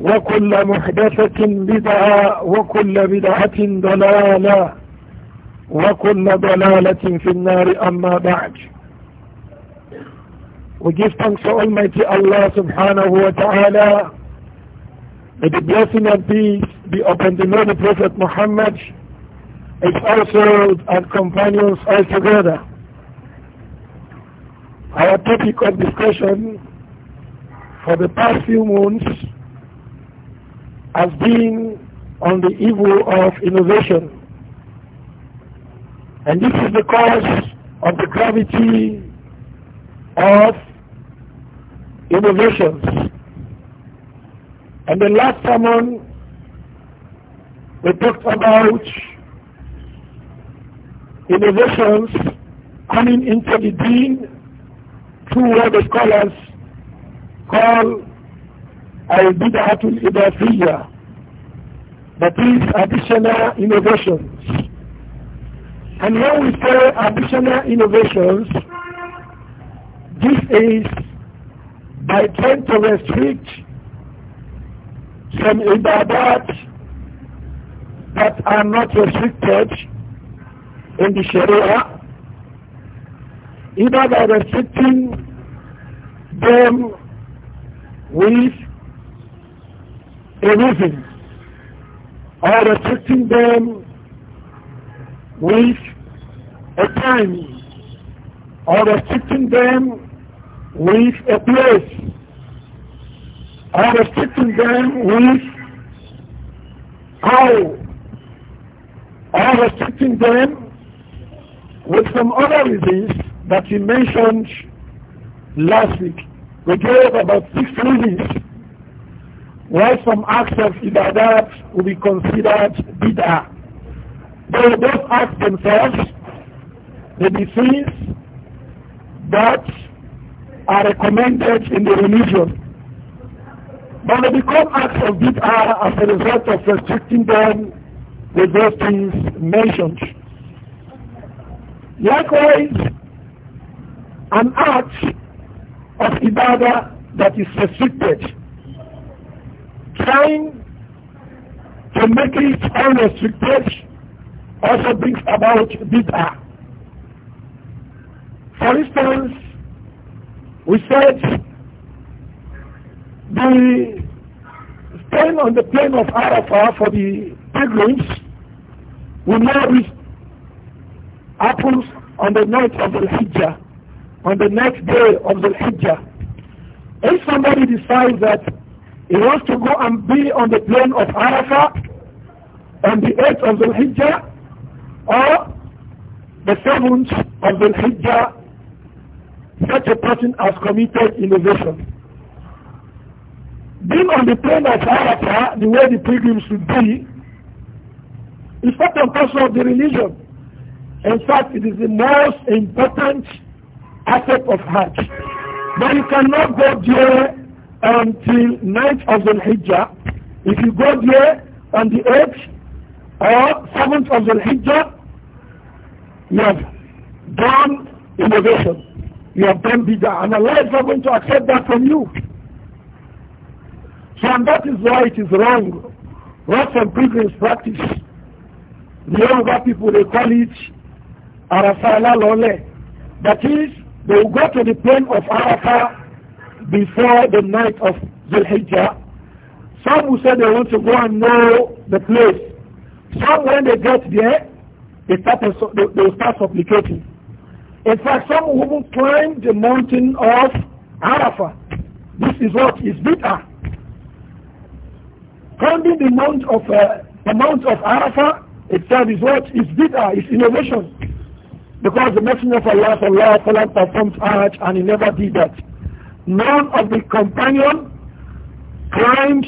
وكل محدثة بدعة وكل بدعة ضلالة وكل ضلالة في النار أما بعد We give thanks to Almighty Allah subhanahu wa ta'ala. May the blessing of peace be upon the mighty Prophet Muhammad, his also and companions all together. Our topic of discussion for the past few months as being on the evil of innovation. And this is because of the gravity of innovations. And the last sermon, we talked about innovations coming into the dean through what the scholars call البدعة الإضافية that is additional innovations and when we say additional innovations this is by trying to restrict some ibadat that are not restricted in the Sharia, either by restricting them with anything or restricting them with a time or restricting them with a place or restricting them with how or restricting them with some other reasons that we mentioned last week. We gave about six reasons why some acts of ibadat will be considered bid'ah. They will not ask themselves the things that are recommended in the religion. But they become acts of bid'ah as a result of restricting them with those things mentioned. Likewise, an act of ibadah that is restricted trying to make it unrestricted also brings about bitter. For instance, we said the stand on the plain of Arafah for the pilgrims will now be apples on the night of the Hijjah, on the next day of the Hijjah. If somebody decides that he wants to go and be on the plane of Arafah on the 8th of the Hijjah or the 7th of the Hijjah. Such a person has committed innovation. Being on the plane of Arafah, the way the pilgrims should be, is not a question of the religion. In fact, it is the most important aspect of Hajj. But you cannot go there until night of the Hijjah. If you go there on the 8th or 7th of the Hijjah, you have done innovation. You have done bigger. And Allah is not going to accept that from you. So and that is why it is wrong. What some pilgrims practice. The younger people, they call it Arafah Lole. That is, they will go to the plain of Arafah before the night of Zulhijjah. Some who said they want to go and know the place. Some when they get there, they start, they, they start supplicating. In fact, some who even climb the mountain of Arafah. This is what is bitter. Climbing the mount of uh, the mount of Arafah itself is what is bitter. It's innovation because the Messenger of Allah sallallahu alaihi wasallam performed Hajj and he never did that none of the companion climbed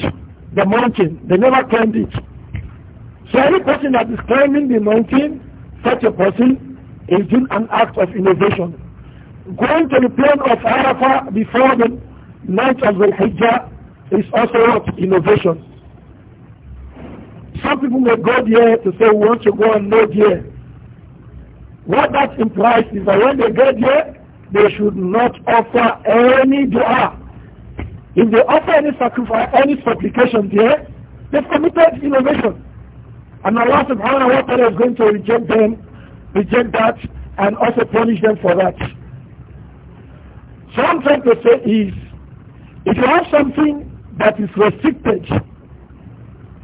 the mountain. They never climbed it. So any person that is climbing the mountain, such a person is doing an act of innovation. Going to the plain of Arafah before the night of the Hijjah is also what? Innovation. Some people may go there to say, we want to go and know there. What that implies is that when they get there, they should not offer any dua. If they offer any sacrifice, any supplication there, they've committed innovation. And Allah subhanahu wa ta'ala is going to reject them, reject that, and also punish them for that. So I'm trying to say is, if you have something that is restricted,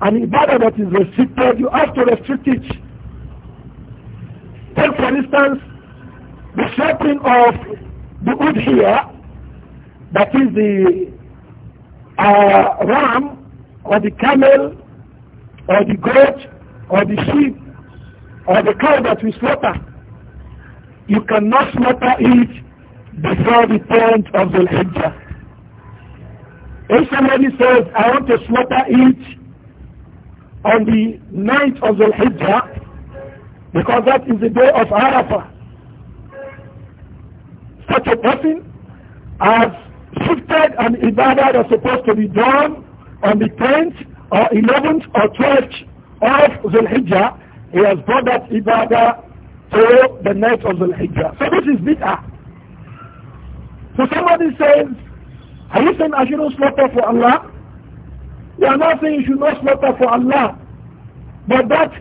an ibadah that is restricted, you have to restrict it. Take for instance, the slaughtering of the here, that is the uh, ram or the camel or the goat or the sheep or the cow that we slaughter, you cannot slaughter it before the point of the hijjah. If somebody says, I want to slaughter it on the night of the hijjah, because that is the day of Arafah, such a person has shifted an ibadah that's supposed to be done on the 10th or 11th or 12th of Zulhijjah, he has brought that ibadah to the night of Zulhijjah. So this is bid'ah. So somebody says, are you saying I shouldn't slaughter for Allah? We are not saying you should not slaughter for Allah. But that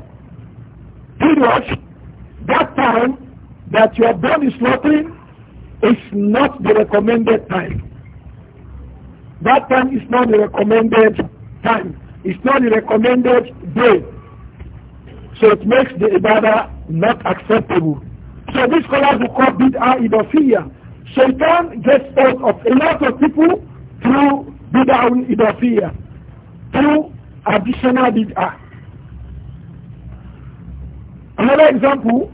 period, that time that you have done the slaughtering, is not the recommended time. That time is not the recommended time. It's not the recommended day. So it makes the ibadah not acceptable. So this scholars will call bid'ah idafiyya. Shaitan gets out of a lot of people through bid'ah idafiyya, through additional bid'ah. Another example,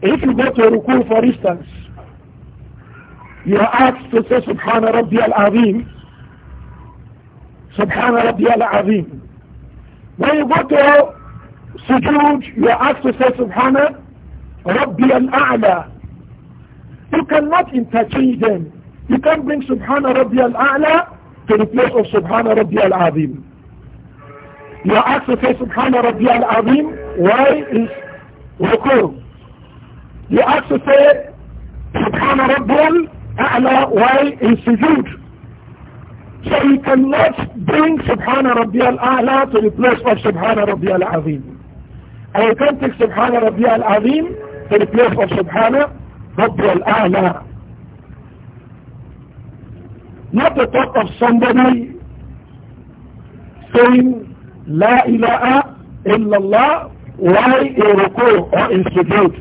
if you go to Ruku for instance, you are asked to say Subhana Rabbi al-Azim. Subhana Rabbi al-Azim. When you go to sujood, you are asked to say Subhana Rabbi al-A'la. You cannot interchange them. You can't bring Subhana Rabbi al-A'la to the place of Subhana Rabbi al-Azim. You are asked to say Subhana Rabbi al-Azim. Why is Rukur? You asked to say Subhana Rabbi al-Azim. أعلى while in sujood so he cannot bring Subhana Rabbiya al-A'la to the place of Subhana Rabbiya al-Azim and he can't take Subhana Rabbiya al-Azim to the place of Subhana Rabbiya al-A'la not the thought of somebody saying La ilaha illallah why a ruku or in sujood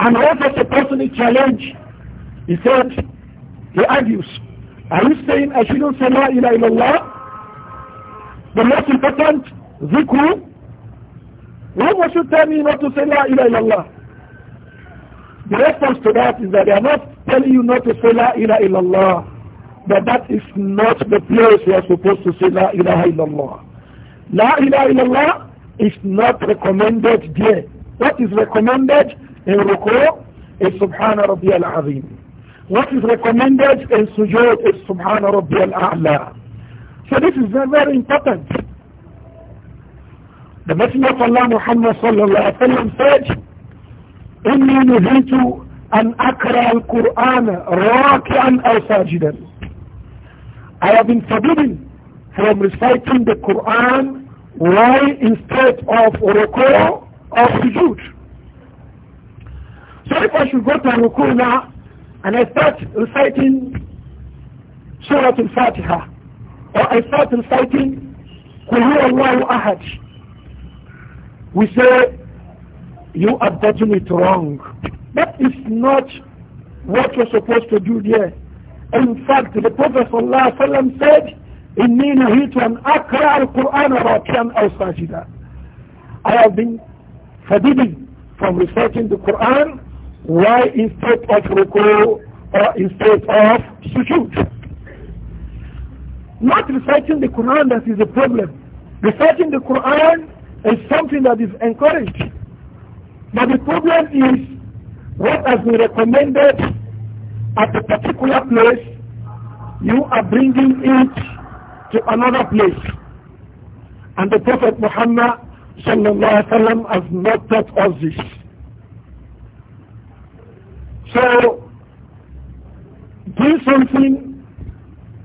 And offers a the challenge. he He said, he argues, are you saying I shouldn't say La ilaha illallah? The most important, zikr. Why must you tell me not to say La ilaha illallah? The response to that is that they are not telling you not to say La ilaha illallah. But that is not the place you are supposed to say La ilaha illallah. La ilaha illallah is not recommended there. What is recommended in ruku is subhana rabbiyal azim. What is recommended in sujood is subhana rabbiyal a'la. So this is very, very important. The Messenger of Allah Muhammad sallallahu alayhi wa sallam said, إني نهيت أن أقرأ القرآن راكعا أو ساجدا. I have been forbidden from reciting the Quran while instead of ruku or sujood. So if I should go to an ukuna and I start reciting Surah Al-Fatiha or I start reciting Qul Allahu Ahad, we say you are getting it wrong. That is not what you're supposed to do there. In fact, the Prophet ﷺ said, إِنِّي نَهِيتُ أَنْ أَقْرَأَ الْقُرْآنَ رَاكِعًا أَوْ سَاجِدًا I have been forbidden from reciting the Quran why instead of ruku or instead of sujood? Not reciting the Quran that is a problem. Reciting the Quran is something that is encouraged. But the problem is what has been recommended at a particular place, you are bringing it to another place. And the Prophet Muhammad sallallahu alaihi wasallam has not taught us this. So, do something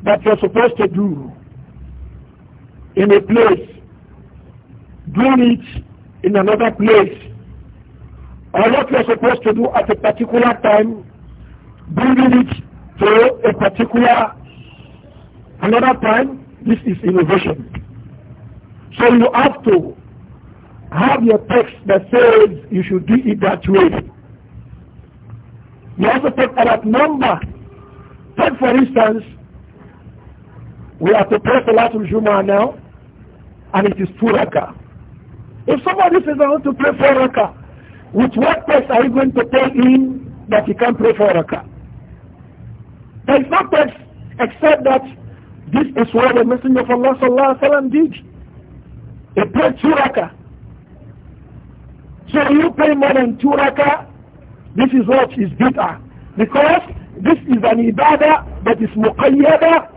that you're supposed to do in a place, doing it in another place, or what you're supposed to do at a particular time, bringing it to a particular another time, this is innovation. So you have to have your text that says you should do it that way. You also talk about number. Take for instance, we are to pray Salatul Juma now, and it is two raka. If somebody says, I want to pray four raka, with what text are you going to tell him that he can't pray four raka? There is no text except that this is what the Messenger of Allah sallallahu alaihi wasallam did. He prayed two raka. So you pray more than two raka. This is what is bid'ah. Because this is an ibadah that is muqayyada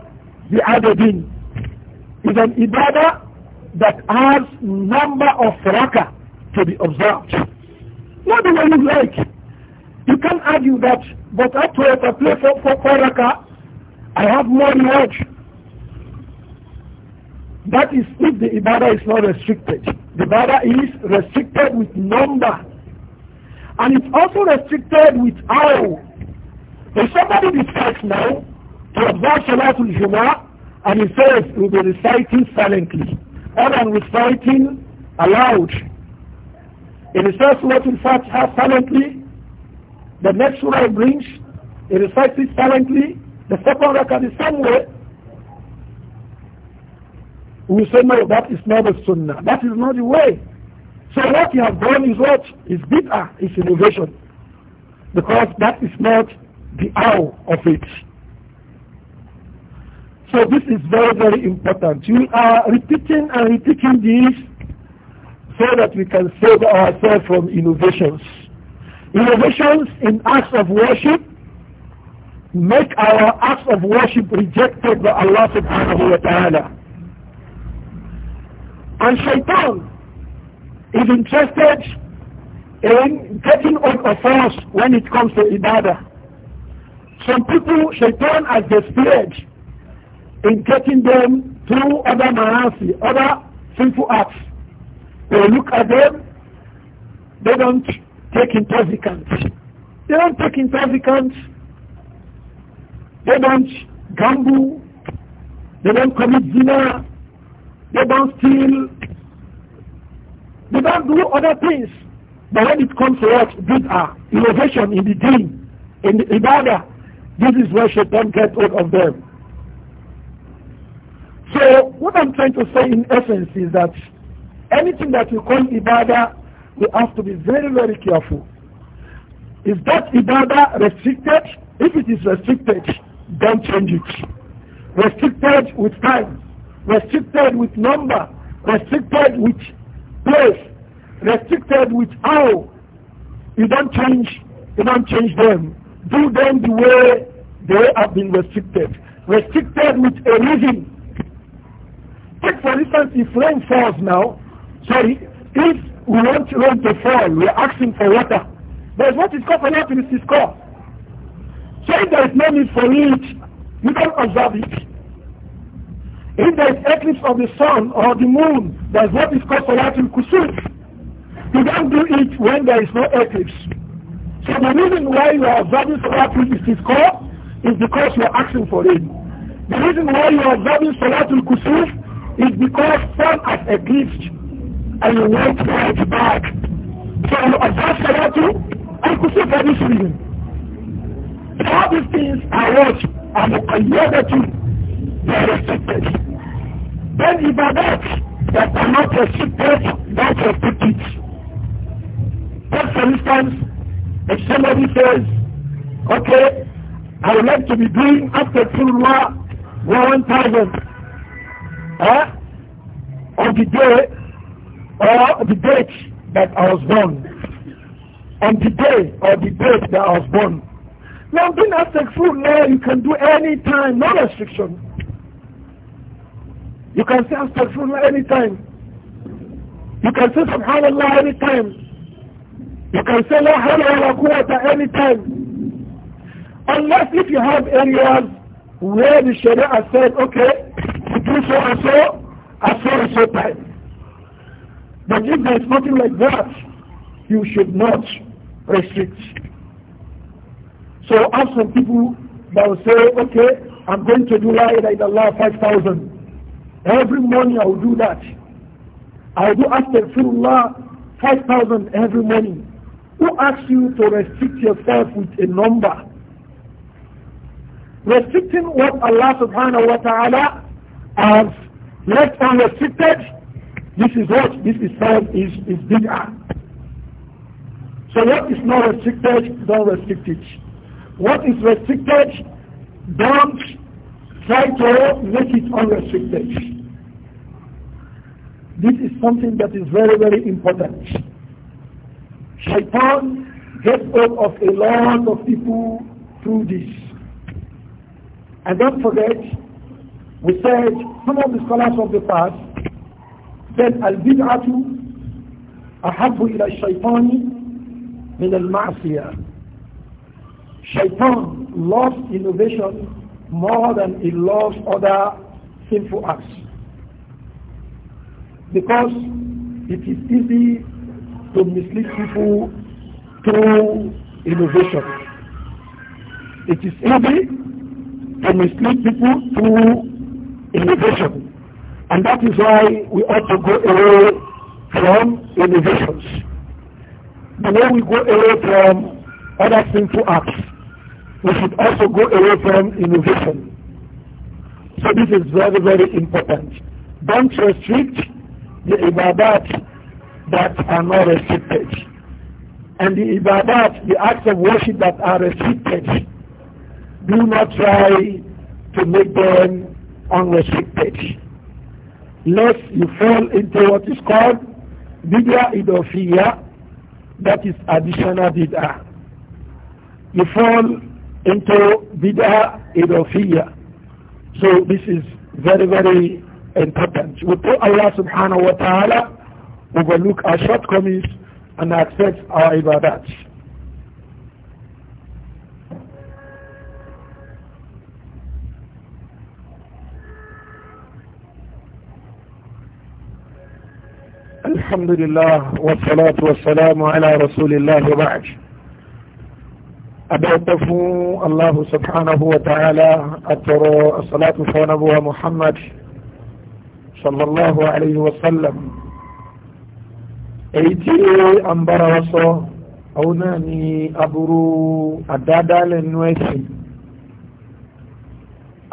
bi'adadin. It's an ibadah that has number of rakah to be observed. Not the way you like. You can argue that, but after I play for, for four rakah, I have more reward. That is if the ibadah is not restricted. The ibadah is restricted with number and it's also restricted with how. If somebody decides now to observe Salatul Jumu'ah and he says he'll be reciting silently or I'm reciting aloud. He recites Salatul Fatiha silently. The next surah he brings, he recites it silently. The second record is somewhere. We say, no, that is not the sunnah. That is not the way. So what you have done is what? Is bid'ah, is innovation. Because that is not the hour of it. So this is very, very important. You are repeating and repeating this so that we can save ourselves from innovations. Innovations in acts of worship make our acts of worship rejected by Allah subhanahu wa ta'ala. And shaitan is interested in getting of force when it comes to ibadah. Some people, shaitan has displayed in getting them through other marasi, other sinful acts. They look at them, they don't take intoxicants. They don't take intoxicants. They don't gamble. They don't commit zina. They don't steal. They don't do other things. But when it comes to what? Bid'ah, innovation in the deen, in the ibadah, this is where Shaitan gets hold of them. So what I'm trying to say in essence is that anything that you call ibadah, we have to be very, very careful. Is that ibadah restricted? If it is restricted, don't change it. Restricted with time, restricted with number, restricted with place restricted with how you don't change you don't change them do them the way they have been restricted restricted with a reason take for instance if rain falls now sorry if we want rain to fall we are asking for water but what is called for nothing is called so if there is no need for it you don't observe it if there is eclipse of the sun or the moon, that's what is called Salatul Kusuf. You don't do it when there is no eclipse. So the reason why you are observing Salatul Istisqa is because you are asking for it. The reason why you are observing Salatul Kusuf is because sun has eclipsed and you want to back. So you observe and Kusuf for this reason. All these things are what? I'm a to be then I that are not restricted by your ticket. Take for instance, if somebody says, okay, I would like to be doing after Tulwa 1,000 eh, on the day or the date that I was born. On the day or the date that I was born. Now being after full now you can do any time, no restriction. You can say Astaghfirullah anytime. You can say Subhanallah anytime. You can say La Hawla Wa Quwwata anytime. Unless if you have areas where the Sharia said, okay, you do so and so, and so and so time. But if there is nothing like that, you should not restrict. So ask some people that will say, okay, I'm going to do La ilaha illallah 5,000. Every morning I will do that. I will do astaghfirullah 5,000 every morning. Who asks you to restrict yourself with a number? Restricting what Allah subhanahu wa ta'ala has left unrestricted, this is what this itself is, is bigger. So what is not restricted, don't restrict it. What is restricted, don't try to make it unrestricted. This is something that is very, very important. Shaitan gets hold of a lot of people through this. And don't forget, we said some of the scholars of the past said al-bid'atu ahabu ila shaitani min al-ma'siyah. Shaitan loves innovation more than he loves other sinful acts. Because it is easy to mislead people through innovation. It is easy to mislead people through innovation. And that is why we ought to go away from innovations. The way we go away from other sinful acts, we should also go away from innovation. So this is very, very important. Don't restrict the ibadat that are not restricted. And the ibadat, the acts of worship that are restricted, do not try to make them unrestricted. Lest you fall into what is called bidya idofiya, that is additional bid'ah. You fall into bid'ah idofiya. So this is very, very important. We pray Allah subhanahu wa ta'ala overlook our shortcomings and accept our ibadat. الحمد لله والصلاة والسلام على رسول الله وبعد أدعو الله سبحانه وتعالى أترى الصلاة والسلام على محمد sallallahu alayhi wa sallam èyí tí a ń bára wa sọ àwọn náà ni aburú àdáadáalẹ̀ nínú ẹ̀sìn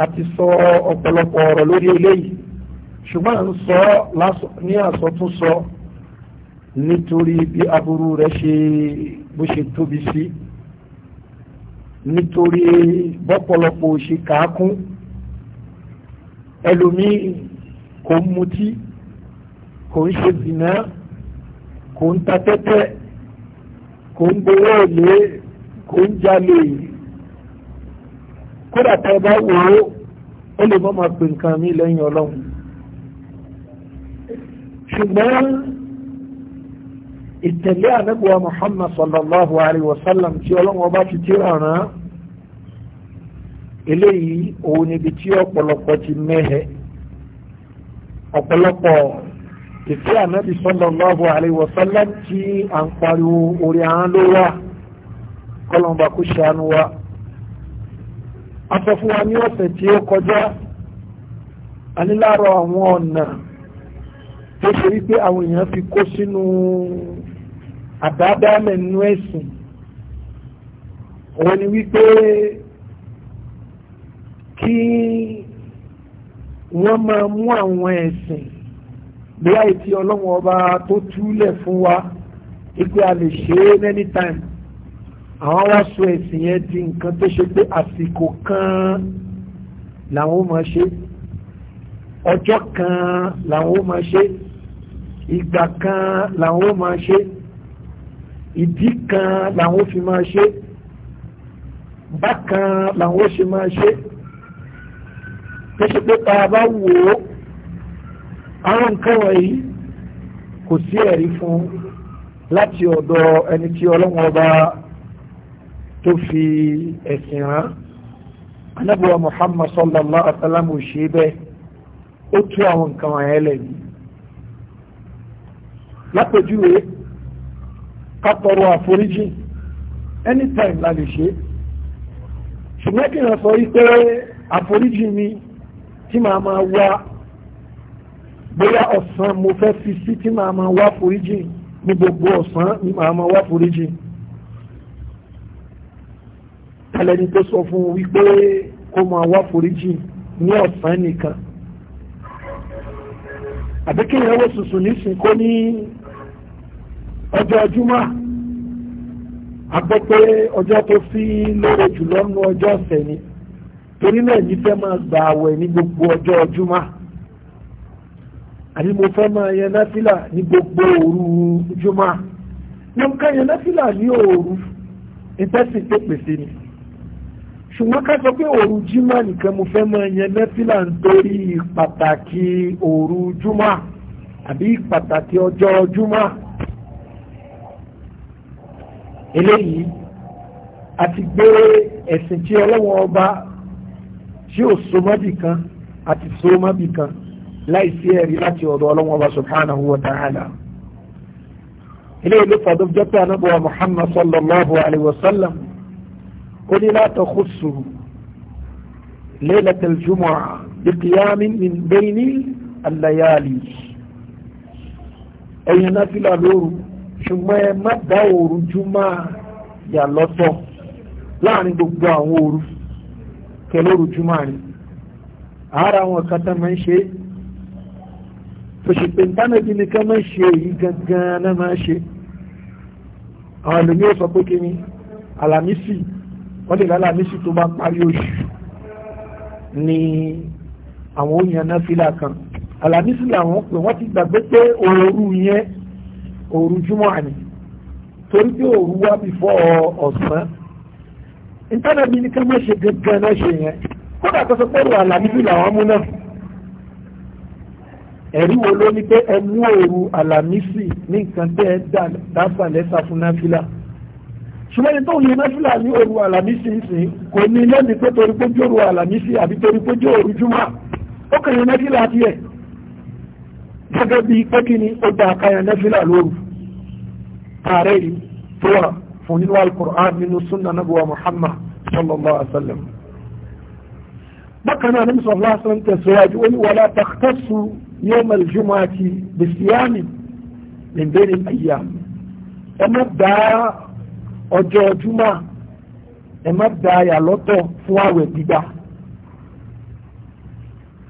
a ti sọ ọ̀pọ̀lọpọ̀ ọ̀rọ̀ lórí eléyìí ṣùgbọ́n à ń sọ ní àsọtúnsọ nítorí bí aburú rẹ̀ ṣe bó ṣe tóbi sí nítorí bọ́pọ̀lọpọ̀ ṣe kàákún ẹlòmíì kò ń mutí kò ń ṣe zìnà kò ń ta tẹ́tẹ́ kò ń gbowó èlé kò ń jalè kódà tá ẹ bá wò ó ó lè má máa pè nǹkan mi lẹ́yìn ọlọ́run ṣùgbọ́n ìtẹ̀lé ànábùwà Muhammad sallallahu alayhi wa sallam tí ọlọ́run ọba ti tíra ràn án eléyìí òun níbi tí ọ̀pọ̀lọpọ̀ ti mẹ́hẹ̀ẹ́ ọ̀pọ̀lọpọ̀ ìfẹ́ ànábì sallallahu alaihi wasallam tí a ń pariwo orí àán ló wà kọlọ̀mbà kó ṣàánú wa a sọ fún wa ní ọ̀sẹ̀ tí ó kọjá a ní láàárọ̀ àwọn ọ̀nà tó ṣe wípé àwọn èèyàn fi kó sínú àdáadáalẹ̀ nínú ẹ̀sìn òun ni wípé kí wọ́n máa mú àwọn ẹ̀sìn bí i àìtí ọlọ́run ọba tó túlẹ̀ fún wa ipe a lè ṣe é many time àwọn wá sọ ẹ̀sìn yẹn di nǹkan tó ṣe pé àsìkò kan làwọn ó máa ṣe ọjọ́ kan làwọn ó máa ṣe ìgbà kan làwọn ó máa ṣe ìdí kan làwọn ó fi máa ṣe bákan làwọn ó ṣe máa ṣe tó ṣe pé tá a bá wò ó àwọn nǹkan wọ̀nyí kò sí ẹ̀rí fún láti ọ̀dọ̀ ẹni tí ọlọ́wọ́n ọba tó fi ẹ̀sìn rán anábùwà Muhammad sallallahu alaihi wa sallam ò ṣe bẹ́ẹ̀ ó tú àwọn nǹkan wọ̀nyẹn lẹ́yìn lápèjúwe ká àforíjì anytime la lè ṣe ṣùgbọ́n kí n sọ wípé àforíjì mi tí màá máa wá bóyá ọ̀sán mo fẹ́ fi sí tí màá máa wá foríjì ní gbogbo ọ̀sán ni màá máa wá foríjì tàlẹ́ni tó sọ fún wípé kó máa wá foríjì ní ọ̀sán nìkan àbí kí ìyàwó sùsù nísìn kó ní ọjọ́ ọjúmọ́ àgbọ́ ọjọ́ tó fi lóore jùlọ nínú ọjọ́ ọ̀sẹ̀ ni torí náà ní fẹ́ máa gba àwẹ̀ ní gbogbo ọjọ́ ọjúmọ́ àbí mo fẹ́ máa yan náfìlà ní gbogbo òru júmọ́ ní ká yan náfìlà ní òru ìtẹ́sí tó pèsè ni ṣùgbọ́n ká sọ pé òru jímọ̀ nìkan mo fẹ́ máa yan náfìlà nítorí pàtàkì òru júmọ́ àbí pàtàkì ọjọ́ júmọ́ eléyìí àti gbé ẹ̀sìn tí ọlọ́wọ́n ọba tí ò so mọ́bì kan àti so mọ́bì kan láì sí ẹ̀rí láti ọ̀dọ̀ ọlọ́wọ́n ọba subhanahu wa ta'ala ilé ìlú fàdó jẹ́ pé anábọ̀wá muhammad sallallahu alayhi wa sallam ó ní la takhussu ليلة الجمعة بقيام من بين الليالي أي نافلة لور ṣùgbọ́n ẹ má dá òru jùmọ̀ yà lọ́tọ̀ láàrin gbogbo àwọn òru kẹ lóru jùmọ̀ ni ara àwọn kan tán máa ń ṣe tòṣìpé ìtànàbí nìkan máa ń ṣe èyí gangan náà máa ń ṣe àwọn ẹlòmí ò sọ pé kí ni àlàmísì wọ́n lè lálàmísì tó bá parí oṣù ni àwọn oyin anáfílà kan àlàmísì làwọn pè wọ́n ti gbàgbé pé òru yẹn òru jùmọ̀ ni torí pé òru wá bí fọ́ ọ̀sán ìtọ́nà bí ní ká má ṣe gẹ́gẹ́ náà ṣe yẹn kódà tó sọ pé ìwà àlàmísì làwọn mú náà ẹ̀rí wo ló ní pé ẹ mú òru àlàmísì ní nǹkan tẹ́ ẹ dáfà lẹ́sà fún náfìlà ṣùgbọ́n ẹni tó ń yẹ náfìlà ní òru àlàmísì ìsìn kò ní lẹ́nu pé torí pé jòrò àlàmísì àbí torí pé jòrò júmọ́ ó kàn yẹn náfìlà tiẹ̀ gẹ́gẹ́ bíi pé kí ni ó dá akáyà náfìlà lóru ààrẹ yìí tó wà fún nínú al-Qur'an nínú sunna nabuwa Muhammad sallallahu alaihi wa sallam bákan náà nabi sallallahu alaihi wa sallam tẹ̀síwájú ó ní wala takhtassu yawm al-jumu'ati bisiyami min bayni al-ayyam ẹ má dá ọjọ́ juma ẹ má dá yà lọ́tọ̀ fún àwẹ̀ gbígbà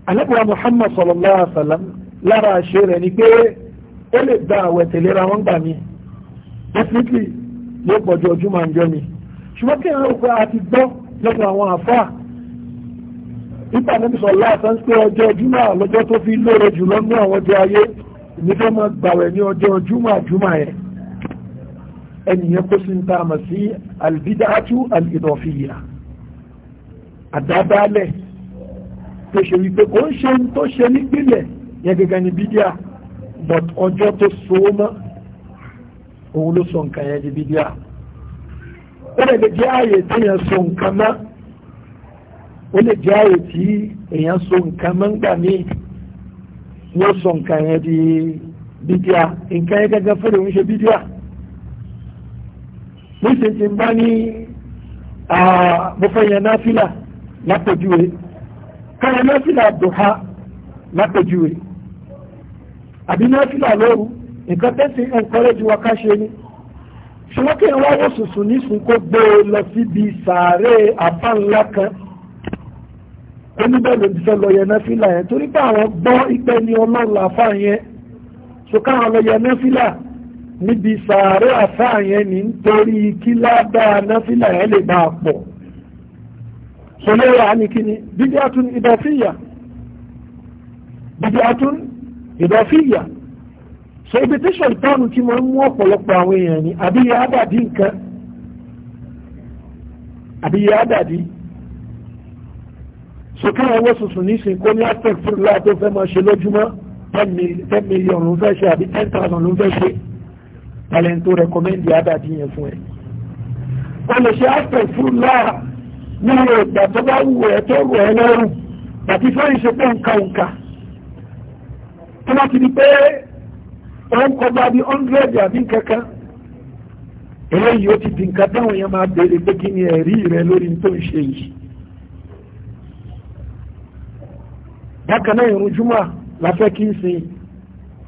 anabuwa Muhammad sallallahu alaihi wa lára àṣẹ rẹ̀ ni pé ó lè dá àwẹ̀ tẹ̀léra wọn gbà mí definitely yóò pọ̀jù ọdún máa ń jọ ni ṣùgbọ́n kí ẹ̀rọ òkú àti gbọ́ lọ́dọ̀ àwọn àfà ipa níbi sọ láàtọ́ ń pé ọjọ́ júmọ̀ lọ́jọ́ tó fi lóore jù lọ ní àwọn ọjọ́ ayé ìnífẹ́ máa gbàwẹ̀ ní ọjọ́ júmọ̀ àjúmọ̀ ẹ̀ ẹnìyẹn kó sí ń ta àmà sí albidaatu alidọ̀fìyà àdádálẹ̀ tó ṣe wípé kò ń ṣe tó ṣe nípìnlẹ̀ yẹn gẹ́gẹ́ ni bídíà but ọjọ́ tó so mọ́ òun ló sọ nǹkan yẹn di bídíà ó lè jẹ́ ààyè tí èèyàn sọ nǹkan mọ́ ó lè jẹ́ ààyè tí èèyàn sọ nǹkan mọ́ ńgbà míì wọ́n sọ nǹkan yẹn di bídíà nǹkan yẹn gẹ́gẹ́ fẹ́rẹ̀ ń ṣe bídíà níṣẹ́ ti ń bá ní mo fẹ́ yan náfìlà lápèjúwe káyọ̀ náfìlà dùhà lápèjúwe àbí náfìlà lóru nǹkan tẹ́sí encourage wa ká ṣe ni ṣùgbọ́n kí n wá wọ́n sùsùn nísùn kó gbé e lọ síbi sàárè àpá ńlá kan oníbẹ̀rẹ̀ ti fẹ́ lọ yẹn náfìlà yẹn torí pé àwọn gbọ́ ìpẹ́ ní ọlọ́run àfáà yẹn so káwọn lọ yẹn náfìlà níbi sàárè àfáà yẹn ní nítorí kí ládàá náfìlà yẹn lè bá a pọ̀ so lẹ́yìn àníkíní bíbí àtún ìdọ̀fìyà bíbí àtún ìdọ̀fìyà so ibi tí ṣèlítọ́nù ti máa ń mú ọ̀pọ̀lọpọ̀ àwọn èèyàn ni àbí yẹ àdàdí nǹkan àbí yẹ àdàdí so káwọn owó tuntun nísìnyí kó ní aspect fún ìlú àti òfẹ́ máa ṣe lójúmọ́ ten million ló ń fẹ́ ṣe àbí ten thousand ló ń fẹ́ ṣe talento recommend àdàdí yẹn fún ẹ. o lè ṣe aspect fún ìlú ní ìgbà tó bá wù ẹ tó rù ẹ lọ́rùn àti fún ìṣepọ̀ nǹkan nǹkan tó bá ti di pé wọ́n kọjá bí ọ́ndrẹ́dì àbí kankan eléyìí ó ti di nǹkan táwọn yẹn máa béèrè pé kí ni ẹ̀rí rẹ lórí tó ń yìí bákan náà ìrun júmọ̀ la fẹ́ kí n sin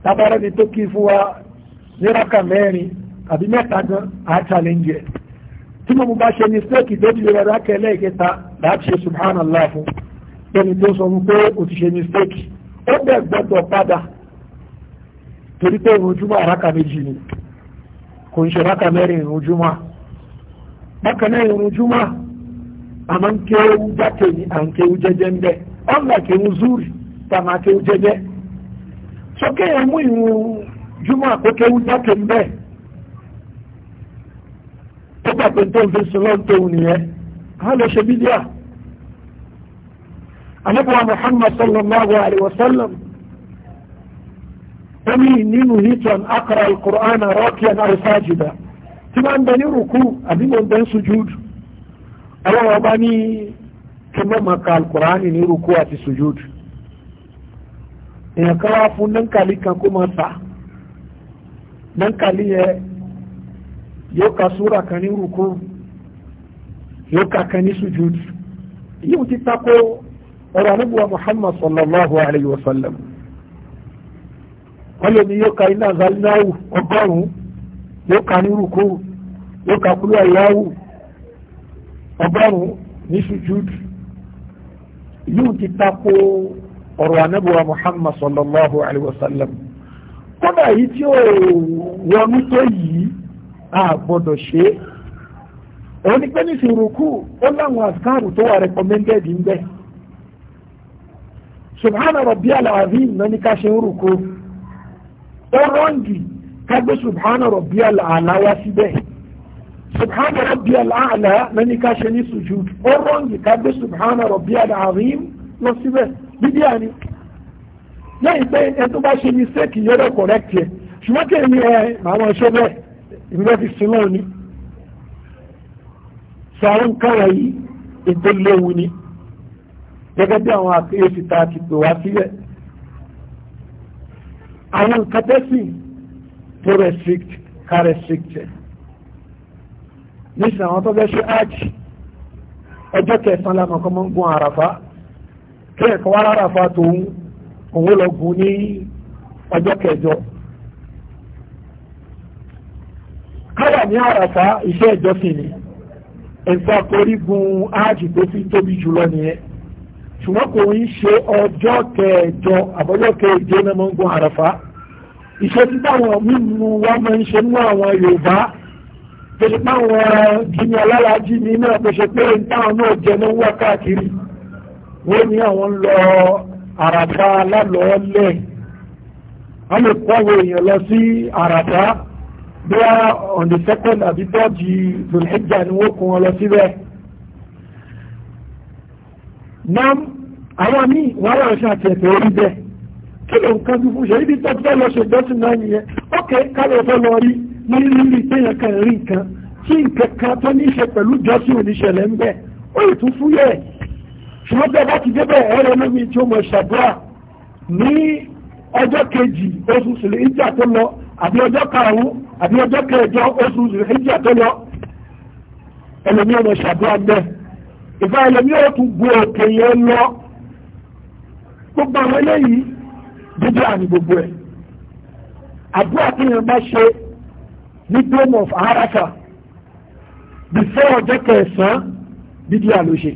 tábàárẹ̀ ni tó kí fún wa ní rákà mẹ́rin àbí mẹ́ta gan á challenge ẹ̀ tí mo bá ṣe mistake tó ti rẹ̀ rákà ẹlẹ́ẹ̀kẹta láti ṣe subhanallah fún ẹni tó sọ fún pé o ti ṣe mistake ó bẹ̀ gbọ́dọ̀ padà torí pé ìrun júmọ́ àràkà méjì ni kò ń ṣe rákà mẹ́rin ìrun júmọ́ bákan náà ìrun júmọ́ àmọ́ ń kéwú jáde ní à ń kéwú jẹ́jẹ́ ń bẹ́ ọ̀nà kéwú zúrì tá a máa kéwú jẹ́jẹ́ sókè yẹn mú ìrun júmọ́ àkókéwú jáde ń bẹ́ tó pàpẹ́ tó ń fi sùn lọ́ntòun nìyẹn a lè ṣe bídíà. Ànábì wa Muhammad sallallahu alaihi wa sallam ẹni nínú hitan akara alkur'an rakiyan arsajida tí máa ń bẹ ní rukú àbí mo ń bẹ ń sujúd àwọn ọba ní kí mọ́ máa ka alkur'an ní rukú àti sujúd èèyàn kan wá fún nankali kan kó máa ta nankali yẹ yóò ka súra kan ní rukú yóò ka kan ní sujúd yóò ti tako ọ̀rọ̀ àníbùwà muhammad sallallahu alayhi wa sallam wọ́n lè ní yóò ka iná zalináwù ọgọ́rùn-ún yóò ka ní rúkúrú yóò ka kúrú ẹ̀yáwù ọgọ́rùn-ún ní sujúd yóò ti tako ọ̀rọ̀ anábùwà muhammad sallallahu alayhi wa sallam kódà yìí tí ó wọnú tó yìí a gbọ́dọ̀ ṣe é òun ni pé ní sùrùkú ó láwọn àsìkáàrù tó wà recommended ń bẹ subhana rabbi al-azim náà ní ká ṣe ó rọ́ǹgì kágbé subhana rabbiyal a'la wá síbẹ̀ subhana rabbiyal a'la lẹ́ni ká ṣe ní sujud ó rọ́ǹgì kágbé subhana rabbiyal azim lọ síbẹ̀ bíbí àní lẹ́yìn pé ẹ tó bá ṣe ní sẹ́ẹ̀kì yọ̀rọ̀ correct yẹ ṣùgbọ́n kí ni ẹ àwọn ẹ̀ṣọ́ bẹ́ẹ̀ ìgbẹ́ fi sin náà ni sàrún kára yìí ètò léwu ni gẹ́gẹ́ bí àwọn àkíyèsí ta ti pè wá sílẹ̀ àwọn nǹkan tẹ́sì tó restrict ká restrict ẹ̀ nísìnyí àwọn tó fẹ́ ṣe arch ọjọ́ kẹsàn-án lánàá kọ́ mọ́ ń gun àràfá kí ẹ̀kọ́ wá ráràfá tòun òun lọ gun ní ọjọ́ kẹjọ. káwà ní àràfá iṣẹ́ ìjọsìn ni ẹ̀fà korígun áàjì tó fi tóbi jùlọ nìyẹn ṣùgbọ́n kò ń ṣe ọjọ́ kẹjọ àbọ̀jọ́ kẹjọ mọ́ ń gun àràfá ìṣẹ́sí táwọn mímú wa máa ń ṣe mú àwọn Yorùbá tó ṣe páwọn jíní alálàájí ní náà tó ṣe pé táwọn náà jẹ ní wá káàkiri wọ́n ní àwọn lọ àràbá lálọ́ọ́lẹ̀ wọ́n lè kó àwọn èèyàn lọ sí àràbá bí wá on the second àbí dọ́ọ̀jì lòlẹ́jà ni wọ́n kó wọn lọ síbẹ̀ náà àwọn míì wọ́n wà ṣàtẹ̀tẹ̀ orí bẹ́ẹ̀ kí ló ń kan bí fún ṣe ibi tó fẹ́ lọ ṣe ìjọsìn náà nìyẹn ókè kálọ̀ fẹ́ lọ rí ní rírì téèyàn kan rí nǹkan tí nǹkan kan tó ní ṣe pẹ̀lú ìjọsìn oníṣẹ̀lẹ̀ ń bẹ̀ ó lè tún fúyẹ́ ẹ̀ ṣùgbọ́n bí a bá ti débẹ̀ ẹ̀rọ lómi tí ó mọ̀ ṣàdúrà ní ọjọ́ kejì oṣù sùlẹ̀ ìjà tó lọ àbí ọjọ́ karùn-ún àbí ọjọ́ kẹjọ oṣù sùlẹ̀ ìjà tó lọ ẹlòmí dídí àmì gbogbo ẹ̀ àdúrà tí yẹn bá ṣe ní dome of haraka before ọjọ́ kẹsàn-án dídí àlóṣe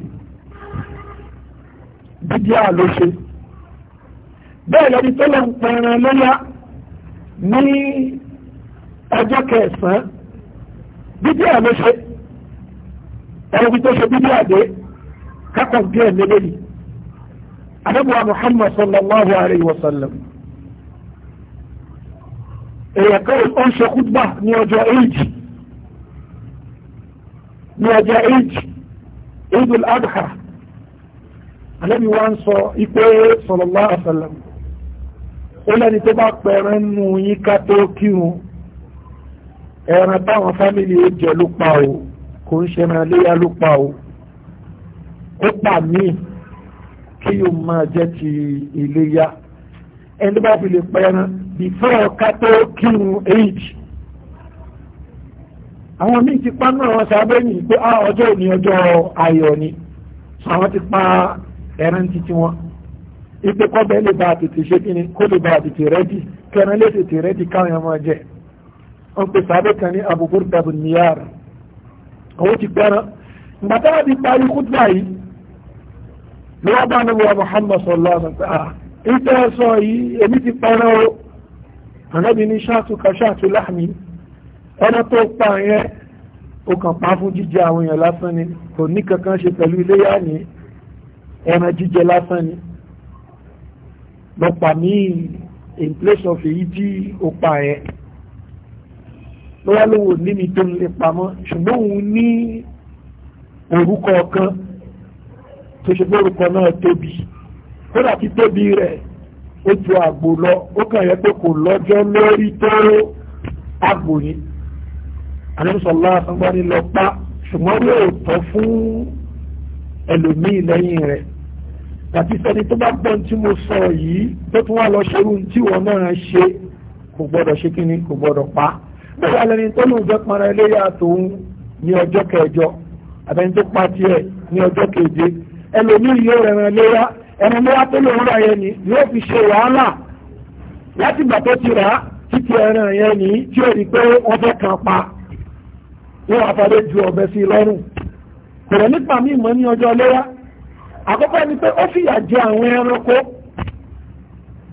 dídí àlóṣe bẹ́ẹ̀ lẹ́ni tó lọ ń pẹ̀rẹ̀ lọ́yá ní ọjọ́ kẹsàn-án dídí àlóṣe ẹni tó ṣe dídí àdé kákan bí ẹ̀ mélòó anábùwà muhammad sallallahu alayhi wa sallam èèyàn kan ó ń ṣe kúdùbà ní ọjọ́ èjì ní ọjọ́ èjì idul adha anábì wa ń sọ ipé sallallahu alayhi wa sallam ó lẹ́ni tó bá pẹ̀rẹ́ nù yín ká tó kírun ẹran táwọn fámìlì ó jẹ ló pa o kò ń ṣe ẹran léyà ló pa o ó pa míì kí o máa jẹ́ ti iléyá ẹni bá fi lè pẹran before ká tó kírun age àwọn míì ti pa náà àwọn sábẹ́ yìí pé ah, ọjọ́ òní ọjọ́ ayọ̀ ni àwọn ti pa ẹran títí wọn ipe kọ́bẹ̀ lè bá tètè ṣe kí ni kó lè bá tètè rẹ́dì kẹran lè tètè rẹ́dì káwọn ọmọ jẹ wọn pe sábẹ́ kan ní Abu Burda bin Niyar àwọn ti pẹran ìgbà táwọn ti parí kúdà yìí ló wá bá níbi wa Muhammad sọlá àtàtà ah, ìtẹ́ sọ yìí èmi ti pẹ́rẹ́ o ànábi ní ṣáàtú ka ṣáàtú láàmì ẹni tó pa yẹn ó kàn pa fún jíjẹ àwọn èèyàn lásán ni kò ní kankan ṣe pẹ̀lú iléyà ní ẹran jíjẹ lásán ni lọ́pàá míì in place of èyí tí ó pa yẹn lọ́wọ́ lówó níbi tó ń lè pamọ́ ṣùgbọ́n òun ní orúkọ kan tó ṣe lórúkọ náà tóbi kódà tí tóbi rẹ̀ ó ju àgbò lọ ó kàn yẹ pé kò lọ́jọ́ lórí tó àgbò ni àlẹ́sọ̀lá agbáni lọ pa ṣùgbọ́n yóò tọ́ fún ẹlòmíì lẹ́yìn rẹ̀ tàbí sẹni tó bá gbọ́n tí mo sọ yìí tó tún wá lọ ṣerú tí wọn náà ṣe kò gbọ́dọ̀ ṣe kí ni kò gbọ́dọ̀ pa bẹ́ẹ̀ alẹ́ni tó lóun fẹ́ para ẹlẹ́yà tòun ní ọjọ́ kẹjọ àbẹ́ni tó pa tiẹ̀ ní ọjọ́ keje ẹlòmíì yóò rẹ̀ràn léyà ẹran léyà tó lòun rà yẹn ni yóò fi ṣe wàhálà láti gbà tó ti rà á títí ẹran yẹn ni tí ó rí pé wọ́n fẹ́ kan pa wọ́n àfàdé ju ọ̀bẹ sí lọ́rùn kòrò nípa mi mọ́ ní ọjọ́ léyà àkọ́kọ́ ni pé ó fìyà jẹ àwọn ẹranko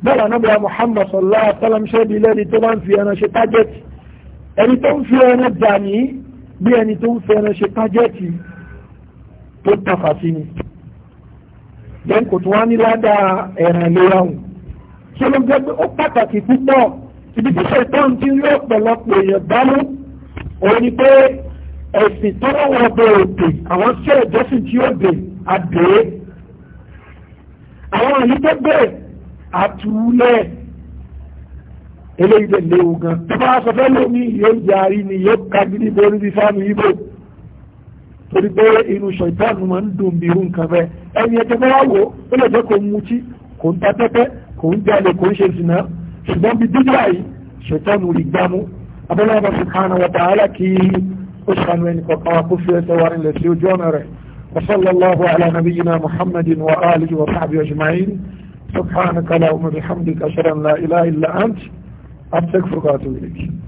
bẹ́ẹ̀ lànàbíà Muhammad sallallahu alaihi wasallam ṣẹ́bi lẹ́ni tó bá ń fi ẹran ṣe tájẹ́tì ẹni tó ń fi ẹran dà ní bí ẹni tó ń fi ẹran ṣe tájẹ́tì tó tàfà sí ni then kò tún wá ní ládàá ẹ̀ràn ìlera hùn ṣé ló jẹ́ pé ó pàtàkì púpọ̀ ibi tí ṣètọ́n ti rí ọ̀pọ̀lọpọ̀ èèyàn dámú òun ni pé ẹ̀sìn tó wọ́n bẹ òdè àwọn tí ẹ̀jọ́sìn tí ó dè àdè àwọn àyí tó bẹ̀rẹ̀ àtúlẹ̀ eléyìí tẹ̀lé ogun tó bá sọ fẹ́ lómi yóò yarí ni yóò kagídí borí bí fámi ibo torí pé inú ṣọ̀ìtàn máa ń dùn bí irú nǹkan bẹ́ẹ̀ ẹni ẹjẹ́ bá wà wò ó lè jẹ́ kó ń mutí kò ń ta tẹ́tẹ́ kò ń jalè kò ń ṣe ìsìnà ṣùgbọ́n bí dídá yìí ṣọ̀ìtàn rí gbámú abẹ́lẹ́ ọba subhanahu wa ta'ala kí ó ṣàánú ẹnì kọ̀ọ̀kan wa kó fi ẹsẹ̀ wa rìn lẹ̀ sí ojú ọ̀nà rẹ̀ وصلى الله على نبينا محمد وآله وصحبه أجمعين سبحانك اللهم بحمدك أشهد أن لا إله إلا أنت أستغفرك وأتوب إليك